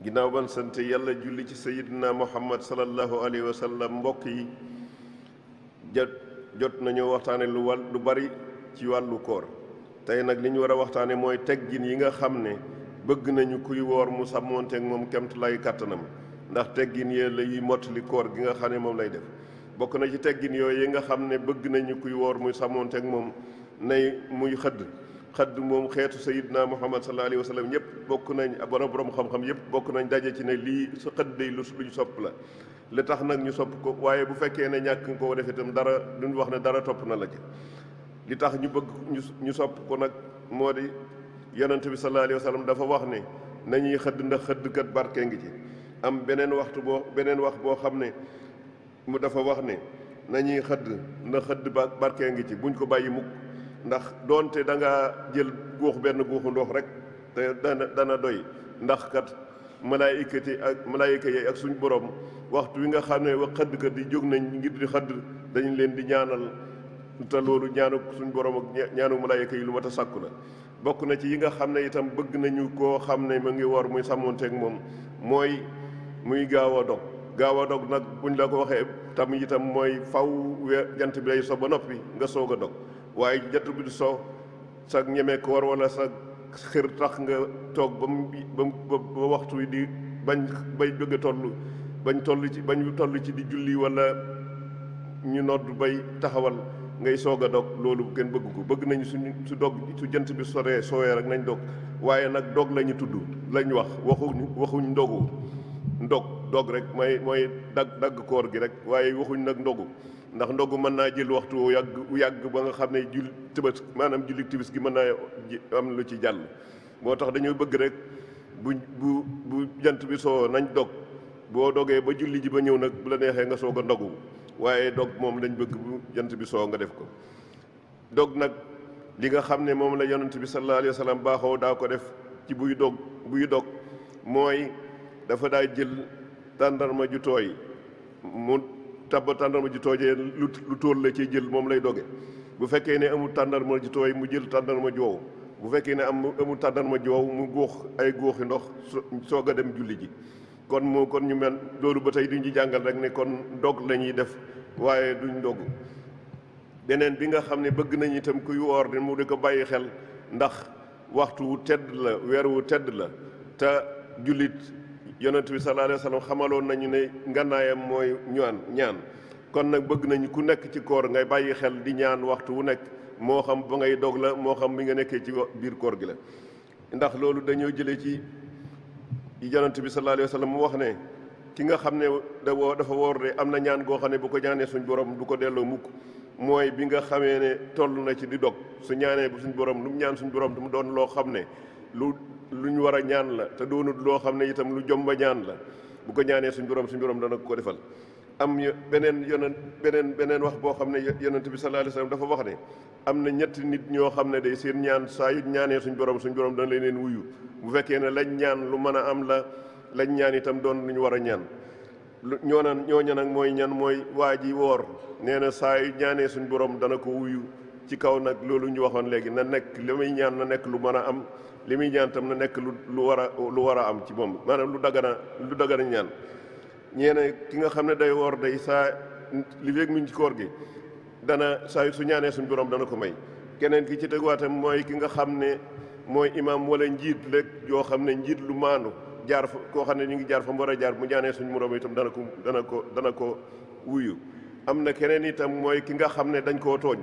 ginnaaw ban sant yàlla julli ci sayidina muhammad salallahu alayhi wa sallam mbokk yi jot jot nañu waxtaane lu wàll lu bari ci wàllu koor tey nag li ñu war a waxtaane mooy teggin yi nga xam ne bëgg nañu kuy woor mu sàmmoonteeg moom kemt lay kàttanam ndax teggin yee la yuy mottali koor gi nga xam ne moom lay def bokk na ci teggin yooyu yi nga xam ne bëgg nañu kuy woor muy sàmmoonteeg moom nay muy xëdd xaddu moom xeetu sayidna muhammad sallallahu alayhi wa sallam ñëpp bokk nañ borom borom xam-xam yëpp bokk nañ daje ci ne lii sa xëdd day lu luñ sopp la li tax nag ñu sopp ko waaye bu fekkee ne ñàkk nga koo def itam dara duñ wax ne dara topp na la ci li tax ñu bëgg ñu sopp ko nag moo di yonent bi sallallahu alayhi wa dafa wax ne nañuy xëdd ndax xëdd kat barke ngi ci am beneen waxtu boo beneen wax boo xam ne mu dafa wax ne nañuy xëdd ndax xëdd barke ngi ci buñ ko bàyyi mukk ndax doonte da nga jël guux benn guuxu ndox rek te dana doy ndax kat malaayikati ak malaayika yi ak suñu borom waxtu wi nga xam ne wax xëddkat yi jóg nañ ngir di xëdd dañu leen di ñaanal te loolu ñaanu suñu borom ak ñaanu malaayika lu mat a sàkku la bokk na ci yi nga xam ne itam bëgg nañu koo xam ne mu ngi war muy sàmmonteeg moom mooy muy gaaw a dog gaaw a dog nag buñ la ko waxee tam itam mooy faw jant bi day so ba noppi nga soog a dog waaye jatu bi du so sag ñemee ko war wala sag xër tax nga toog ba mu ba waxtu wi di bañ bay bëgg tollu bañ toll ci bañ toll ci di julli wala ñu nodd bay taxawal ngay soog a dog loolu kenn bëgg ko bëgg nañu suñu su dog su jant bi soree soowee rek nañ dog waaye nag dog lañu tudd lañ wax waxuñ waxuñ dogu ndog dog rek mooy mooy dagg dagg koor gi rek waaye waxuñ nag ndogu ndax ndogu mën naa jël waxtu wu yàgg wu yàgg ba nga xam ne jul tëbës maanaam julli tibis gi mën naa am lu ci jàll moo tax dañuy bëgg rek bu bu bu jant bi soo nañ dog boo dogee ba julli ji ba ñëw nag bu la neexee nga soog a ndogu waaye dog moom lañ bëgg bu jant bi soo nga def ko dog nag li nga xam ne moom la yonent bi sallallahu alayhi wa sallam baaxoo daa ko def ci buy dog buy dog mooy dafa daa jël tàndarma ju tooy mu tab tàndarma ju tooy jee lu tóol la ciy jël moom lay doge bu fekkee ne amul tàndarma ju tooy mu jël tàndarma ju wow bu fekkee ne am amul tàndarma ju wow mu góox ay góoxi ndox soog a dem julli ji kon moo kon ñu mel loolu ba tey duñ ci jàngal rek ne kon dog la def waaye duñ dog beneen bi nga xam ne bëgg nañu itam kuy woor di mu di bàyyi xel ndax waxtu wu tedd la weer wu tedd la te jullit yonent bi sallallahu alayhi wa sallam xamaloon nañu ne ngànnaayam mooy ñaan ñaan kon nag bëgg nañu ku nekk ci koor ngay bàyyi xel di ñaan waxtu wu nekk moo xam ba ngay dog la moo xam bi nga nekkee ci biir koor gi la ndax loolu dañoo jëlee ci yonent bi sallallahu alayhi wa sallam wax ne ki nga xam ne da woo dafa woor de am na ñaan goo xam ne bu ko ñaanee suñu borom du ko delloo mukk mooy bi nga xamee ne toll na ci di dog su ñaanee bu suñ borom lu ñaan suñu borom du mu doon loo xam ne lu lu ñu war a ñaan la te doonut loo xam ne itam lu jomba ñaan la bu ko ñaanee suñ borom suñ borom dana ko defal am beneen yonent beneen beneen wax boo xam ne yonent bi sallallahu alayhi wasallam dafa wax ne am na ñetti nit ñoo xam ne day seen ñaan saa ñaanee suñ borom suñ borom dana leen wuyu bu fekkee ne lañ ñaan lu mën a am la lañ ñaan itam doon ñu war a ñaan lu ñoo naan ñooñu nag mooy ñan mooy waa ji woor nee na saa yu ñaanee suñ borom dana ko wuyu ci kaw nag loolu ñu waxoon léegi na nekk li muy ñaan na nekk lu mën a am li muy ñaan tam na nekk lu lu war a lu war a am ci moom maanaam lu dagana lu dagana ñaan ñeene ki nga xam ne day woor day saa li feeg mu ci koor gi dana saa su ñaanee suñu borom dana ko may keneen ki ci teguwaatam mooy ki nga xam ne mooy imaam wala njiit lek yoo xam ne njiit lu maandu jaar fa koo xam ne ñu ngi jaar fa mu war a jaar mu ñaanee suñu borom itam dana ko dana ko dana ko wuyu am na keneen itam mooy ki nga xam ne dañ koo tooñ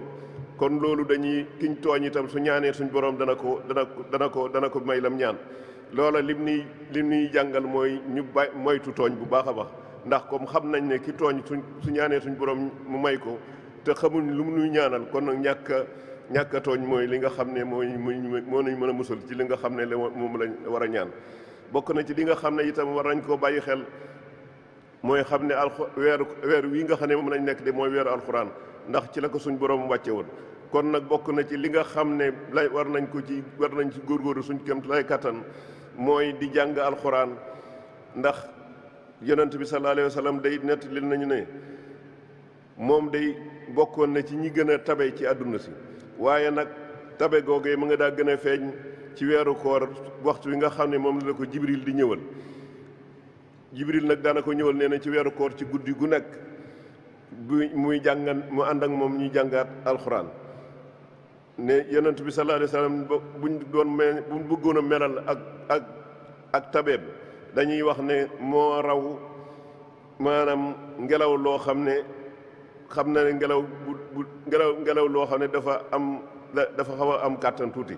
kon loolu dañuy kiñ tooñ itam su ñaanee suñ borom dana ko dana ko dana ko dana ko may lam ñaan loola lim nuy lim nuy jàngal mooy ñu ba moytu tooñ bu baax a baax ndax comme xam nañ ne ki tooñ suñ su ñaanee suñ borom mu may ko te xamuñ lu mu nuy ñaanal kon nag ñàkk ñàkk tooñ mooy li nga xam ne mooy moo nañ mën a musal ci li nga xam ne la moom lañ war a ñaan bokk na ci li nga xam ne itam war nañ koo bàyyi xel mooy xam ne alxu weer weer wii nga xam ne moom lañ nekk de mooy weeru alxuraan ndax ci la ko suñ borom wàcce woon kon nag bokk na ci li nga xam ne war nañ ko ci war nañ ci góor góor suñ kem lay kattan mooy di jàng alxuraan ndax yonent bi sallallahu alayhi wa day nettali nañu ne moom day bokkoon na ci ñi gën a tabe ci àdduna si waaye nag tabe googee mu ngi daa gën a feeñ ci weeru koor waxtu wi nga xam ne moom la ko jibril di ñëwal jibril nag daana ko ñëwal nee na ci weeru koor ci guddi gu nekk bu muy jàngan mu ànd ak moom ñuy jàngaat alxuraan ne yeneen bi sallallahu alayhi wa sallam buñ doon mel buñ bëggoon a melal ak ak ak tabeem dañuy wax ne moo raw maanaam ngelaw loo xam ne xam na ne ngelaw bu ngelaw ngelaw loo xam ne dafa am dafa xaw a am kàttan tuuti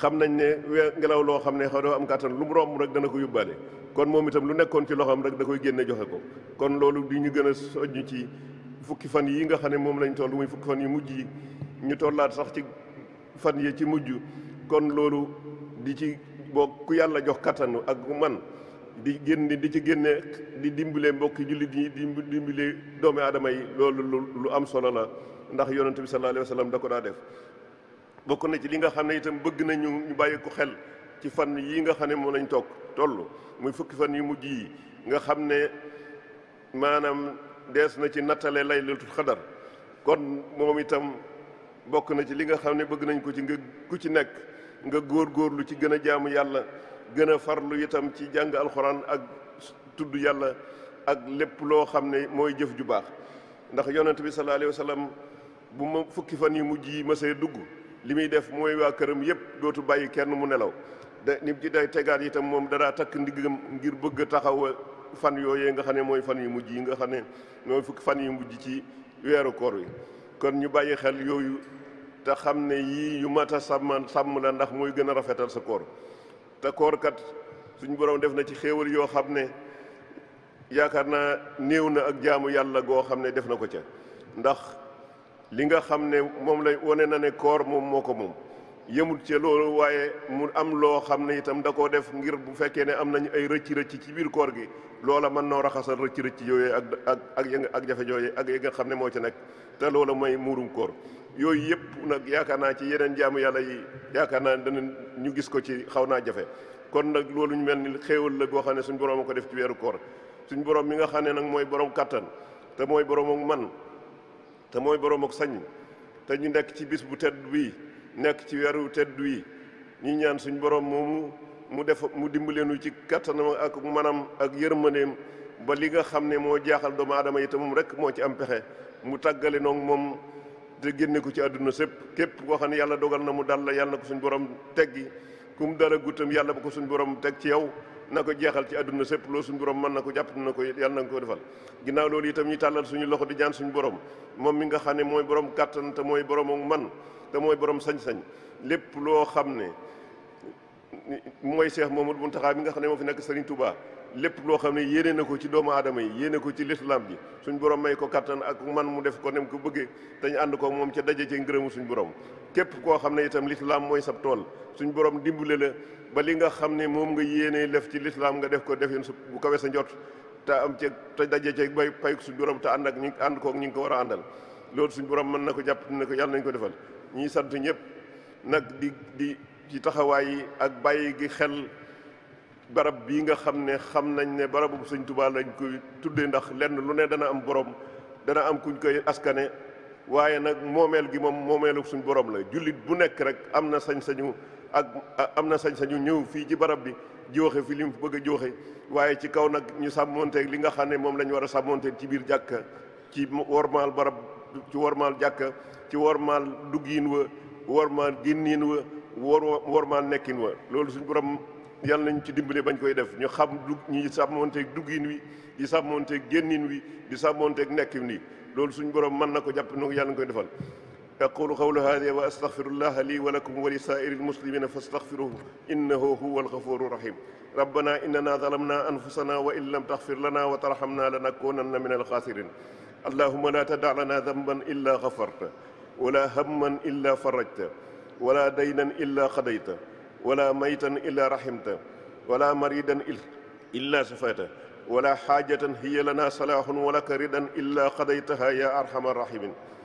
xam nañ ne wee ngelaw loo xam ne xaw dafa am kàttan lu mu romb rek dana ko yóbbaale kon moom itam lu nekkoon ci loxoom rek da koy génne joxe ko kon loolu di ñu gën a soññ ci fukki fan yii nga xam ne moom lañu toll muy fukki fan yu mujj yi ñu tollaat sax ci fan yi ci mujj kon loolu di ci boo yàlla jox kattanu ak man di génn di ci génne di dimbale mbokki jullit yi di dimbale doomi aadama yi loolu lu am solo la ndax yonent bi sallallahu alayhi wa ko daa def bokk na ci li nga xam ne itam bëgg nañu ñu bàyyi ko xel ci fan yi nga xam ne moom lañ toog toll muy fukki fan yu mujj yi nga xam ne maanaam dees na ci nattale laylatul xadar kon moom itam bokk na ci li nga xam ne bëgg nañ ko ci nga ku ci nekk nga góor góorgóorlu ci gën a jaamu yàlla gën a farlu itam ci jàng alxuraan ak tudd yàlla ak lépp loo xam ne mooy jëf ju baax ndax yonent bi sallallahu alayhi wa bu ma fukki fan yi mujj yi mësee dugg li muy def mooy waa këram yëpp dootu bàyyi kenn mu nelaw da ni ci day tegaat itam moom danaa takk ndiggam ngir bëgg a taxaw fan yooyee nga xam ne mooy fan yu mujj yi nga xam ne mooy fukki fan yu mujj ci weeru koor wi kon ñu bàyyi xel yooyu te xam ne yii yu mat a sàmm sàmm la ndax mooy gën a rafetal sa koor te koor kat suñu borom def na ci xéewal yoo xam ne yaakaar naa néew na ak jaamu yàlla goo xam ne def na ko ca ndax li nga xam ne moom lay wane na ne koor moom moo ko moom yëmut ca loolu waaye mu am loo xam ne itam da koo def ngir bu fekkee ne am nañu ay rëcc rëcc ci biir koor gi loola mën noo raxasal rëcc rëcc yooyu ak ak ak ak jafe yooyu ak yi nga xam ne moo ci nekk te mooy muurum koor yooyu yëpp nag yaakaar naa ci yeneen jaamu yàlla yi yaakaar naa dana ñu gis ko ci xaw naa jafe kon nag loolu ñu mel ni xéewal la goo xam ne suñ borom ko def ci weeru koor suñ boroom mi nga xam ne nag mooy borom kàttan te mooy borom ak man te mooy borom ak sañ te ñu nekk ci bis bu tedd bii nekk ci weeru tedd yi ñu ñaan suñ borom moomu mu def mu leenu ci kattanam ak manam ak yërmandeem ba li nga xam ne moo jaaxal doomu aadama yi te moom rek moo ci am pexe mu tàggale noonu moom te génne ko ci àdduna sépp képp koo xam ne yàlla dogal na mu dal la yàlla na ko suñ borom teggi kum dala guttam yàlla ba ko suñ borom teg ci yow na ko jeexal ci àdduna sépp loo suñ borom mën na ko jàpp na ko yàlla na ko defal ginnaaw loolu tam ñu tàllal suñu loxo di jaan suñu borom moom mi nga xam ne mooy borom kàttan te mooy borom man te mooy borom sañ-sañ lépp loo xam ne mooy Cheikh Mouhamadou Mountakha mi nga xam ne moo fi nekk Serigne tubaa lépp loo xam ne yéene na ko ci doomu adama yi yéene ko ci lislaam ji suñu borom may ko kattan ak man mu def ko nem ko bëggee te ñu ànd ko moom ci daje ci ngërëmu suñu borom képp koo xam ne itam lislaam mooy sab tool suñ borom dimbule la ba li nga xam ne moom nga yéene def ci lislaam nga def ko def bu kawe sa njot te am ci te daje ci bay payuk suñ borom te ànd ak ñi ànd kook ñi ngi ko war a àndal loolu suñ borom mën na ko jàpp na ko yàlla nañ ko defal ñuy sant ñëpp nag di di ci taxawaay yi ak bàyyi gi xel barab bii nga xam ne xam nañ ne barabu suñ tubaal lañ koy tuddee ndax lenn lu ne dana am borom dana am kuñ koy askane waaye nag moomeel gi moom moomeelu suñ borom la jullit bu nekk rek am na sañ-sañu ak am na sañ-sañu ñëw fii ci barab bi jooxe fi li mu bëgg a jooxe waaye ci kaw nag ñu sàmmoonteeg li nga xam ne moom la ñu war a sàmmonteeg ci biir jàkka ci wormaal barab ci wormaal jàkka ci wormaal duggiin wa wormaal génniin wa wor wormaal nekkin wa loolu suñ borom yàlla nañ ci dimbale bañ koy def ñu xam dug ñu sàmmonteeg duggin wi di sàmmonteeg génnin wi di sàmmonteeg nekkin wi loolu suñu borom mën na ko jàpp noo yàlla nañ koy defal aqulu qawla hada wa astaghfirullaha li wa lakum wa li sa'iril muslimina fastaghfiruhu innahu huwal ghafurur rahim rabbana innana zalamna anfusana wa in lam taghfir lana wa tarhamna lanakunanna minal khasirin allahumma la tada' lana dhanban illa ghafarta wa la hamman illa farajta wa la daynan illa qadayta wala maytan illa rahimta wala maridan illa safata wala xaajatan hiya lana salahun walaka ridan illa qadaytaha ya arhamar rahimin